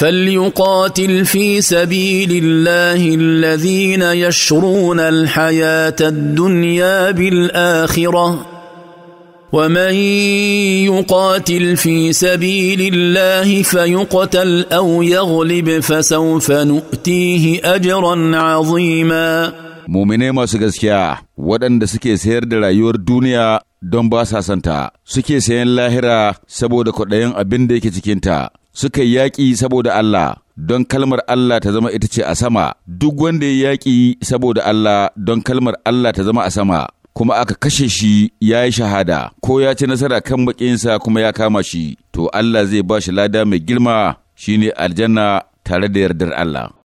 فليقاتل في سبيل الله الذين يشرون الحياة الدنيا بالآخرة ومن يقاتل في سبيل الله فيقتل أو يغلب فسوف نؤتيه أجرا عظيما مؤمني ما سكسكيا ودن دسكي سير درايور دنيا دون سنتا سكي سين لاهرا سبو دكو دين أبن suka yi yaƙi saboda Allah don kalmar Allah ta zama ita ce a sama, duk wanda ya yaƙi saboda Allah don kalmar Allah ta zama a sama, kuma aka kashe shi ya yi shahada, ko ya ci nasara kan baƙinsa kuma ya kama shi, to Allah zai ba shi lada mai girma shine aljanna tare da yardar Allah.